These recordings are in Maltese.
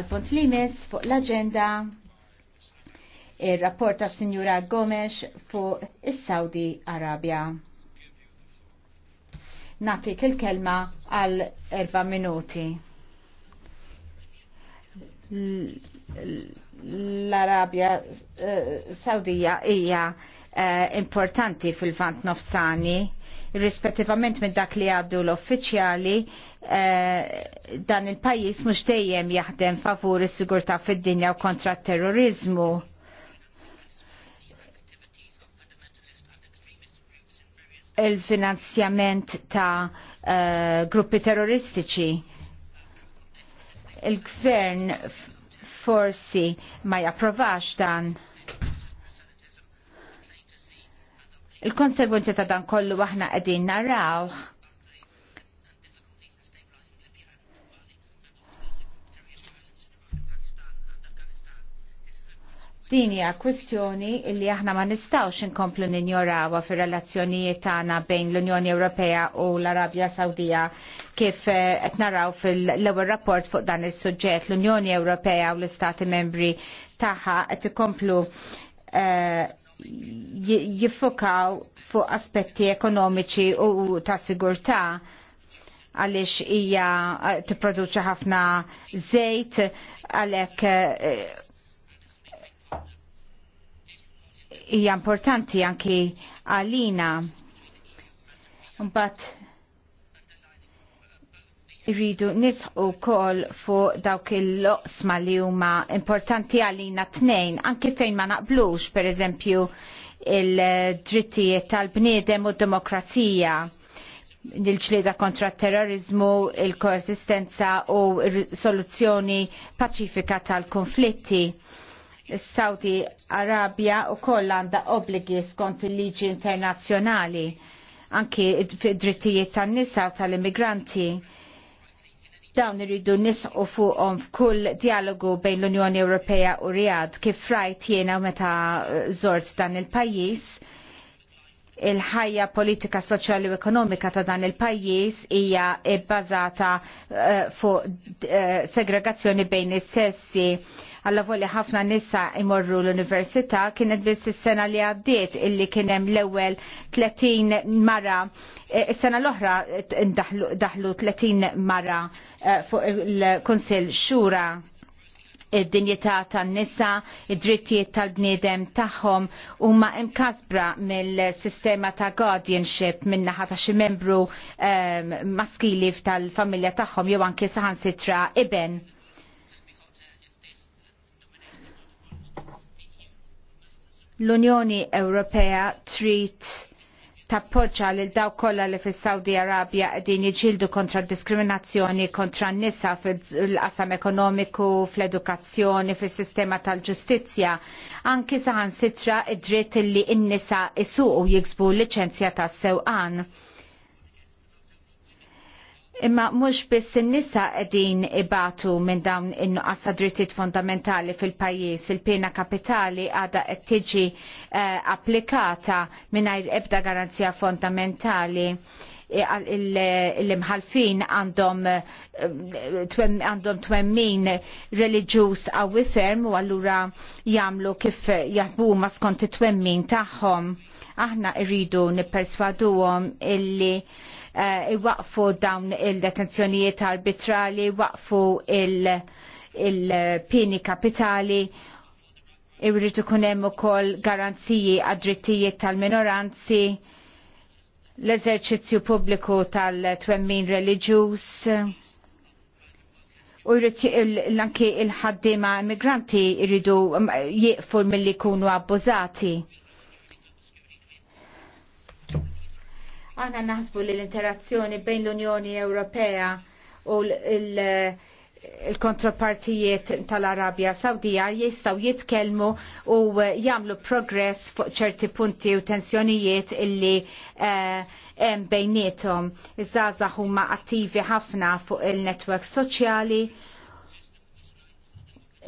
Alfons punt limes fuq l-agenda il-rapport ta' Signora Gomes fuq is-Saudi Arabia. Natik il-kelma għal erba minuti. L-Arabia eh, Saudija hija eh, importanti fil-vant nofsani rispettivament minn dak li għaddu l offiċjali eh, dan il-pajis mux dejjem jaħdem favur is-sigurtà fid-dinja u kontra t terrorizmu. il-finanzjament ta' eh, gruppi terroristiċi. Il-gvern forsi ma japprovax dan Il-konsegwenzi ta' dan kollu aħna qegħdin naraw. Din hija kwistjoni li aħna ma nistgħux inkomplu ninjorawha fir-relazzjonijiet tagħna bejn l-Unjoni Ewropea u l-Arabja Sawdija kif eh, qed naraw fil-ewwel rapport fuq dan is-suġġett l-Unjoni Ewropea u l-Istati Membri tagħha qed ikomplu uh, jiffokaw fuq aspetti ekonomiċi u ta' sigurtà għaliex hija eh, tipproduċi ħafna żejt għalhekk eh, hija importanti anki għalina. Mbagħad Irridu nisħu kol fuq dawk il-loqsma li huma importanti għalina tnejn, anki fejn ma naqblux, per eżempju, il-drittijiet tal-bniedem u demokrazija il ċlida kontra terrorizmu, il-koesistenza u soluzzjoni paċifika tal-konflitti. Saudi Arabia u koll għanda obligi skont il-liġi internazzjonali, anki id drittijiet tan-nisa u tal-immigranti Dawn irridu nisqu fuqhom f'kull dialogu bejn l-Unjoni Ewropea u Rijad kif rajt jiena meta żort dan il-pajjiż il-ħajja politika soċjali u ekonomika ta' dan il-pajjiż hija bbażata eh, fuq eh, segregazzjoni bejn is-sessi Alla voli ħafna nisa imorru l-università kienet biss is-sena li għaddiet illi kien hemm l-ewwel 30 mara e, is-sena l-oħra daħlu 30 mara e, fuq il-Kunsill Xura id-dinjità tan-nisa, id-drittijiet tal-bniedem tagħhom huma kasbra mill-sistema ta' guardianship min-naħa ta' xi membru e, maskili tal-familja tagħhom jew anke saħansitra iben. L-Unjoni Ewropea trid tappoġġa lil dawk kollha li fis-Saudi Arabja qegħdin jiġġieldu kontra d diskriminazzjoni kontra n-nisa fil-qasam ekonomiku, fl-edukazzjoni, fis-sistema tal-ġustizzja, anki saħansitra id-dritt li n-nisa isuqu jiksbu liċenzja tas-sewqan Imma mhux biss in-nisa qegħdin ibatu minn dawn in-nuqqas drittijiet fondamentali fil-pajjiż, il-pena kapitali għadha qed tiġi eh, applikata mingħajr ebda garanzija fondamentali l-imħalfin għandhom eh, għandhom twemmin reliġjuż għawi ferm u għallura jamlu kif jasbu ma skont twemmin taħħom. Aħna irridu nipperswaduhom illi Eh, iwaqfu dawn il-detenzjonijiet arbitrali, waqfu il-pini kapitali, irrid kunem hemm ukoll garanziji għad-drittijiet tal-minoranzi, l-eżerċizzju pubbliku tal-twemmin reliġjuż u l-anki il-ħaddima immigranti jridu jieqfu mill-li jkunu abbużati Aħna naħsbu li l-interazzjoni bejn l-Unjoni Ewropea u l- kontropartijiet tal-Arabja Sawdija jistaw jitkelmu u jamlu progress fuq ċerti punti u tensjonijiet illi eh, hemm bejnietom. Iż-żgħażagħ huma attivi ħafna fuq il-netwerk soċjali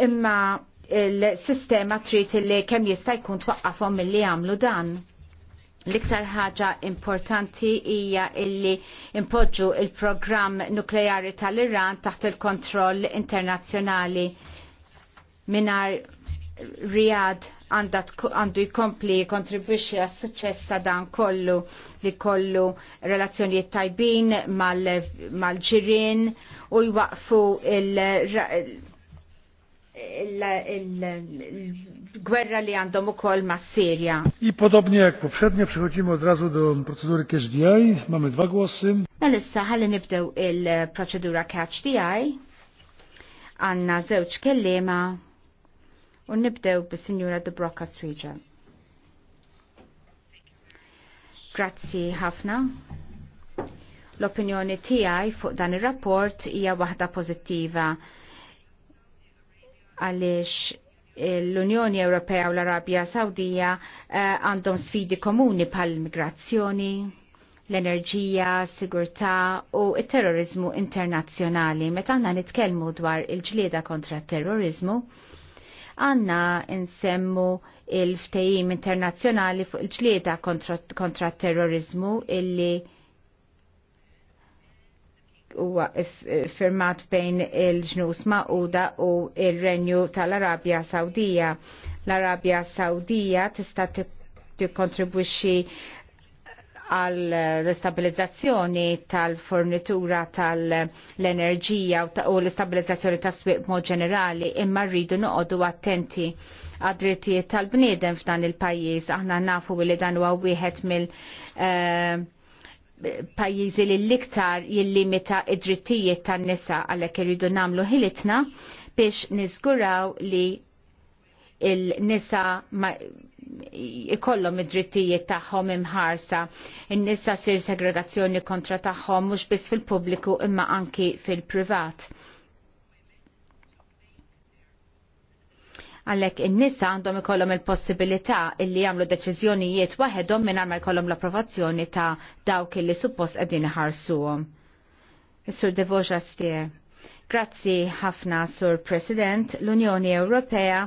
imma il-sistema trid li kemm jista' jkun twaqqafhom milli jagħmlu dan. L-iktar ħaġa importanti hija illi impoġġu il-programm nukleari tal-Iran taħt il-kontroll internazzjonali minar Riyad għandu jkompli kontribwixi għas suċċess ta' dan kollu li kollu relazzjonijiet tajbin mal-ġirin u jwaqfu il gwerra li għandhom ukoll ma' Sirja. I podobnie jak poprzednio przechodzimy od razu do procedury Catch DI. Mamy dwa głosy. Melissa, ħalli nibdew il e, procedura Catch DI. Għanna zewċ kellima u nibdew bis de Broca Swiġa. Grazzi ħafna. L-opinjoni tiegħi fuq dan ir-rapport hija waħda pożittiva għaliex l-Unjoni Ewropea u l-Arabja Sawdija eh, għandhom sfidi komuni pal migrazzjoni l-enerġija, sigurtà u il-terrorizmu internazzjonali. Meta għanna nitkellmu dwar il-ġlieda kontra terrorizmu, għanna nsemmu il-ftejim internazzjonali fuq il-ġlieda kontra, kontra terrorizmu illi huwa firmat bejn il-ġnus Mauda u il-Renju tal-Arabja Sawdija. L-Arabja Sawdija tista' tikkontribwixxi għal l-istabilizzazzjoni tal-fornitura tal-enerġija u l-istabilizzazzjoni tas-swieq mod ġenerali imma rridu noqogħdu attenti għad-drittijiet tal-bniedem f'dan il-pajjiż. Aħna nafu li dan huwa wieħed mill- uh, pajjiżi li l-iktar jillimita id-drittijiet tan-nisa għalhekk irridu nagħmlu ħilitna biex niżguraw li il-nisa ikollhom id-drittijiet tagħhom imħarsa. In-nisa sir segregazzjoni kontra tagħhom mhux biss fil-pubbliku imma anki fil-privat. Għalhekk in-nisa għandhom ikollhom il-possibilità illi jagħmlu deċiżjonijiet waħedhom mingħajr ma jkollhom l-approvazzjoni ta' dawk illi suppost qegħdin iħarsuhom. Is-Sur Devoja Stier. Grazzi ħafna, Sur President. L-Unjoni Ewropea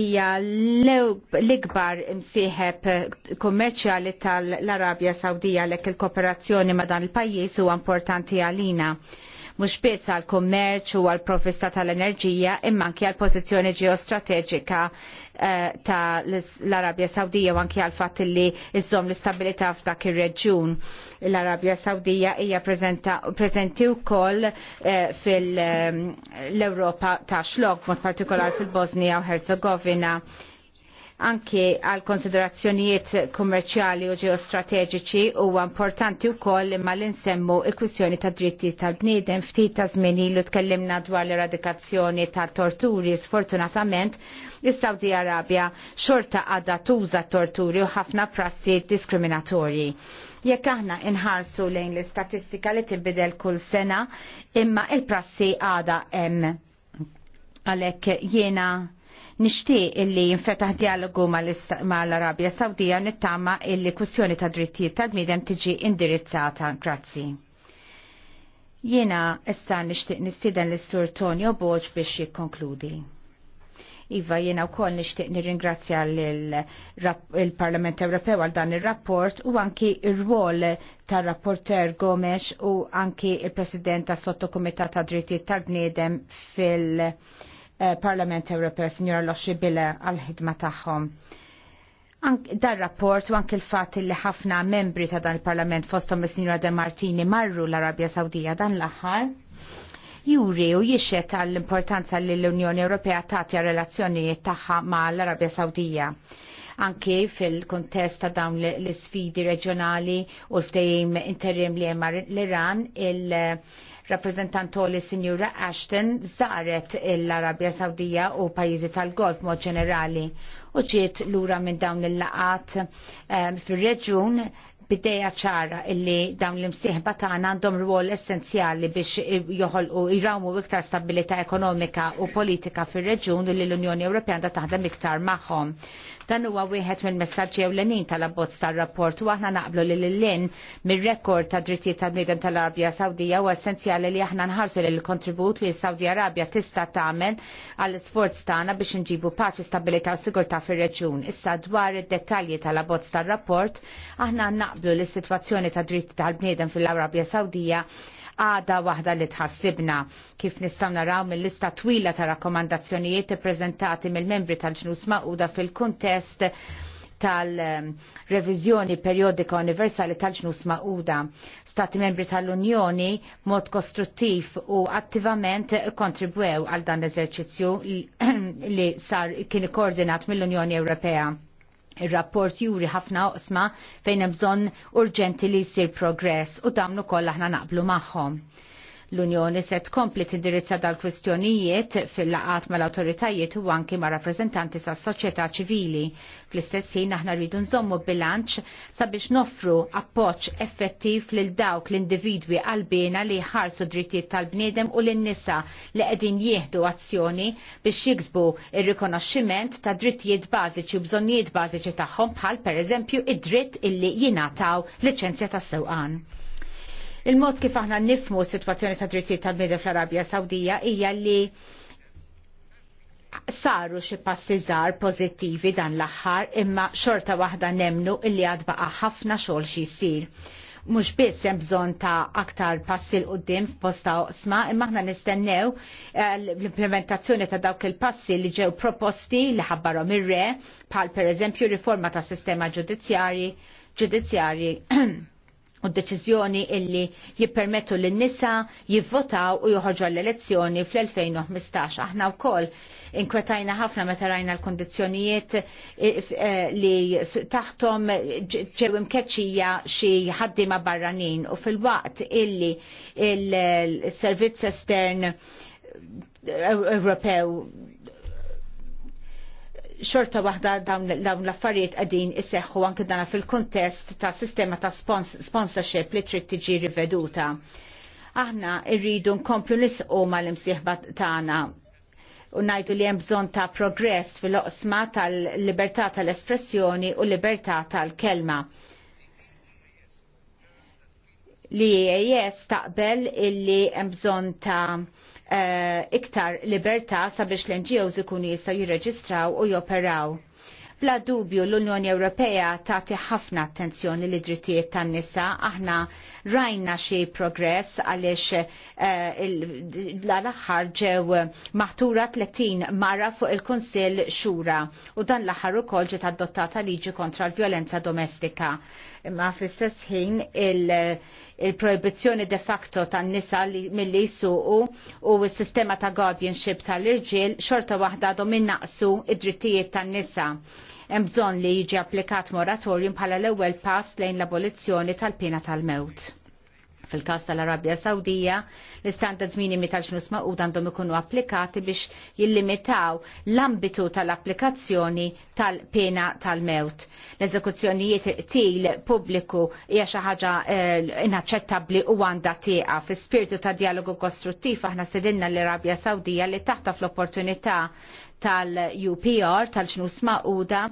hija l-ikbar imsieħeb kummerċjali tal-Arabja Sawdija għalhekk il-kooperazzjoni ma' dan il-pajjiż huwa importanti għalina mhux biss għall kummerċ u għall provvista tal-enerġija imma anke għall pożizzjoni ġeostrateġika uh, tal-Arabja Sawdija u anke għall fatt li iżżomm l-istabilità f'dak ir-reġjun. L-Arabja Sawdija hija preżenti wkoll eh, fil-Ewropa eh, ta' xlok, mod partikolar fil-Bosnija u Herzegovina anke għal konsiderazzjonijiet kummerċjali u ġeostrateġiċi huwa importanti wkoll imma li nsemmu l-kwistjoni ta' dritti tal-bniedem ftit ta' zmini l tkellimna dwar l-eradikazzjoni ta' torturi sfortunatament is-Saudi Arabja xorta għadha tuża torturi u ħafna prassi diskriminatorji jekk aħna inħarsu lejn l-istatistika li tibbidel kull sena imma il-prassi għada hemm għalhekk jiena Nixtieq illi jinfetaħ dialogu mal-Arabja Sawdija nittama illi kwistjoni ta' drittijiet tal-bniedem tiġi indirizzata. Grazzi. Jiena issa nixtieq nistieden lis-Sur Tonio Boġ biex jikkonkludi. Iva, jiena wkoll nixtieq nirringrazzja l-Parlament Ewropew għal dan ir rapport u anki r rwol tar rapporter Gomes u anki il-President tas sottokumitat ta' drittijiet tal-bniedem fil- Eh, Parlament Ewropew, Signora Loxi Bile, għal-ħidma tagħhom. Dan rapport u anke l-fatt li ħafna membri ta' dan il-Parlament fostom is-Signora De Martini marru l-Arabja Sawdija dan l-aħħar juri u jixet għall-importanza li l-Unjoni Ewropea tagħti relazzjonijiet tagħha mal arabja Sawdija anke fil-kontest ta' dawn l-sfidi reġjonali u l interim li hemm l-Iran il- rappresentantoli Sinjura Ashton zaret l-Arabja Sawdija u pajjiżi tal-Golf mod ġenerali u ġiet lura minn dawn il-laqat um, eh, fir-reġjun bideja ċara illi dawn l-imsieħba tagħna għandhom rwol essenzjali biex joħolqu jrawmu iktar stabilità ekonomika u politika fir-reġjun u l-Unjoni Ewropea da taħdem iktar magħhom. Dan huwa wieħed mill-messaġġi ewlenin tal-abbozz tar-rapport u aħna naqblu li l-lin mir-rekord ta' drittijiet tal-bniedem tal-Arabja Sawdija u essenzjali li aħna nħarsu lil kontribut li s-Sawdi Arabja tista' tagħmel għall isforz tagħna biex inġibu paċi, stabilità u sigurtà fir-reġjun. Issa dwar id-dettalji tal-abbozz tar-rapport aħna naqblu li s-sitwazzjoni ta' dritti tal-bniedem fil-Arabja Sawdija għada waħda li tħassibna kif nistaw naraw mill-lista twila ta' rakkomandazzjonijiet prezentati mill-membri tal-ġnus maquda fil-kontest tal-revizjoni periodika universali tal-ġnus maquda. Stati membri tal-Unjoni mod kostruttiv u attivament kontribwew għal dan l-eżerċizzju li sar kien koordinat mill-Unjoni Ewropea Il-rapport juri ħafna oqsma fejn hemm bżonn urġenti li jsir progress u dawn ukoll aħna naqblu magħhom. L-Unjoni se tkompli tindirizza dal-kwistjonijiet fil-laqat mal-autoritajiet u anki ma' rappresentanti sa' soċjetà ċivili. Fl-istess ħin aħna rridu nżommu bilanċ sabiex noffru appoġġ effettiv lil dawk l-individwi għalbina li ħarsu drittijiet tal-bniedem u lin-nisa li qegħdin jieħdu azzjoni biex jiksbu ir-rikonoxximent ta' drittijiet bażiċi u bżonnijiet bażiċi tagħhom bħal pereżempju id-dritt illi jingħataw liċenzja tas-sewqan. Il-mod kif aħna nifmu s-situazzjoni ta' drittijiet tal-bniedem fl-Arabja Sawdija hija li saru xi passi żgħar pożittivi dan l-aħħar imma xorta waħda nemnu illi għad baqa' ħafna xogħol xi jsir. Mhux biss hemm bżonn ta' aktar passi l qudiem f'posta oqsma, imma aħna nistennew eh, l-implementazzjoni ta' dawk il-passi li ġew proposti li ħabbarhom ir-re bħal pereżempju riforma tas sistema ġudizzjarji ġudizzjarji u d-deċiżjoni illi jippermettu l nisa jivvotaw u joħorġu għall elezzjoni fl-2015. Aħna wkoll inkwetajna ħafna meta rajna l-kondizjonijiet eh, eh, li taħtom ġew imkeċċija xi ħaddiema barranin u fil-waqt illi il-servizz estern eh, Ewropew xorta waħda dawn l-affarijiet qegħdin isseħħu anke dana fil-kuntest ta' sistema ta' sponsorship li trid tiġi riveduta. Aħna rridu nkomplu nisqu mal-imsieħba tagħna u najdu li hemm bżonn ta' progress fil-oqsma tal-libertà tal-espressjoni u libertà tal-kelma. Li EAS taqbel illi hemm bżonn ta' Eh, iktar libertà sabiex l-NGOs ikunu jistgħu jirreġistraw u joperaw. Bla dubju l-Unjoni Ewropea tagħti ħafna attenzjoni li drittijiet tan-nisa, aħna rajna xi progress għaliex eh, l-aħħar ġew maħtura 30 mara fuq il-Kunsill Xura u dan l-aħħar ukoll ġiet adottata liġi kontra l-vjolenza domestika. Imma fl-istess ħin il-proibizzjoni de facto tan-nisa milli jisuqu u s-sistema ta' guardianship tal-irġiel xorta waħda dominn naqsu id-drittijiet tan-nisa hemm bżonn li jiġi applikat moratorium bħala l-ewwel pass lejn l-abolizzjoni tal-pena tal-mewt. Fil-każ tal-Arabja Sawdija, l-istandards minimi tal-ġnus maqud għandhom ikunu applikati biex jillimitaw l-ambitu tal-applikazzjoni tal-pena tal-mewt. L-eżekuzzjonijiet til pubbliku hija xi ħaġa eh, inaċċettabbli u għandha tieqa. Fi spiritu ta' dialogu kostruttiv aħna sedinna l-Arabja Sawdija li taħta fl-opportunità tal-UPR, tal-ġnus ma'uda,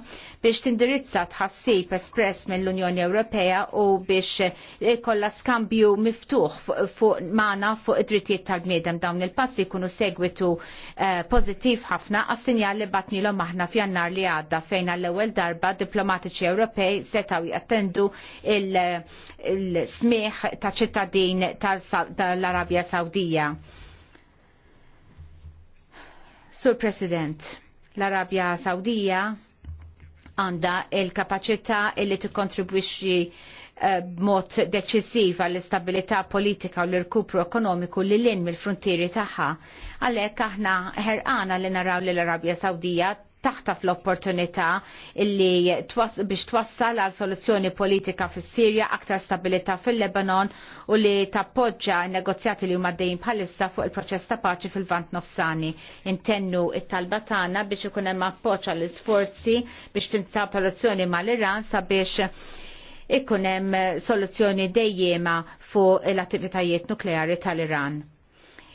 biex tindirizza tħassib espress mill-Unjoni Ewropea u biex kolla skambju miftuħ fuq mana fuq id-drittijiet tal-bniedem dawn il-passi kunu segwitu eh, pozittiv ħafna għas-sinjal li batni l maħna f'jannar li għadda fejn għall-ewwel darba diplomatiċi Ewropej setaw jattendu il-smiħ ta' ċittadin tal-Arabja Sawdija Sur President, l-Arabja Sawdija għanda il-kapacità illi tikkontribwixxi Eh, b'mod deċisiv għall-istabilità politika u l-irkupru ekonomiku li l-in mill-frontieri tagħha. Għalhekk aħna ħerqana li naraw li l-Arabja Sawdija taħtaf l-opportunità illi biex twassal għal soluzzjoni politika fis sirja aktar stabilità fil-Lebanon u li tappoġġa negozjati li huma dejjem bħalissa fuq il-proċess ta' paċi fil-Vant Nofsani. Intennu it-talba tagħna biex ikun hemm appoġġ għall isforzi biex tintab soluzzjoni mal-Iran sabiex ikun hemm soluzzjoni dejjema fuq l-attivitajiet nukleari tal-Iran.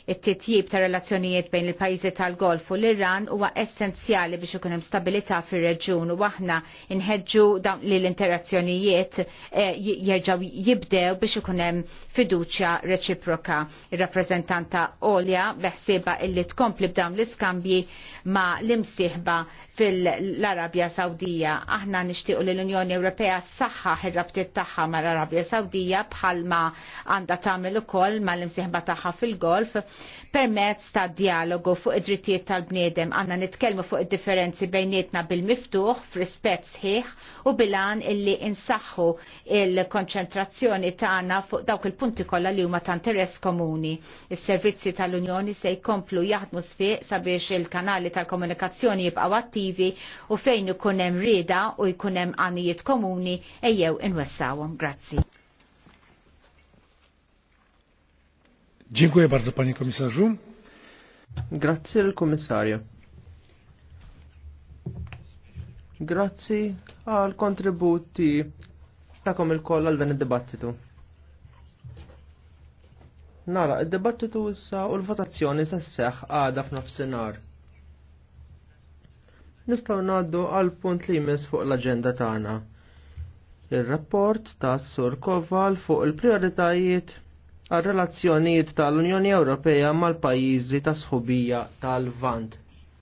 It-titjib ta' relazzjonijiet bejn il-pajjiżi tal-Golf u l-Iran huwa essenzjali biex ikun hemm stabilità fir-reġjun u aħna inħeġġu dawn li l-interazzjonijiet eh, jerġgħu jibdew biex ikun hemm fiduċja reċiproka. Ir-rappreżentanta Olja beħsieba illi tkompli b'dawn l-iskambji ma' l-imsieħba fil-Arabja Sawdija. Aħna nixtiequ li l-Unjoni Ewropea saħħaħ ir-rabtiet tagħha mal-Arabja Sawdija bħalma għandha tagħmel ukoll mal-imsieħba tagħha fil-Golf permezz ta' dialogu fuq id-drittijiet tal-bniedem għanna nitkellmu fuq id-differenzi bejnietna bil-miftuħ, f'rispett sħiħ u bilan illi insaħħu il-konċentrazzjoni tagħna fuq dawk il-punti kollha li huma ta' interess komuni. Is-servizzi tal-Unjoni se jkomplu jaħdmu sfiq sabiex il-kanali tal-komunikazzjoni jibqgħu attivi u fejn ikun hemm rieda u jkun hemm għanijiet komuni ejjew inwessawhom. Grazzi. Dziękuję bardzo, panie komisarzu. Grazie il commissario. Grazzi għal kontributi ta'kom il-koll għal dan id-dibattitu. Nara, id-dibattitu issa u l-votazzjoni sa' seħ għada f'nofsinar. Nistaw naddu għal punt li jmiss fuq l-agenda tagħna. Il-rapport ta' Sur Koval fuq il-prioritajiet għal relazzjonijiet tal-Unjoni Ewropea mal-pajjiżi ta' sħubija tal-Vant.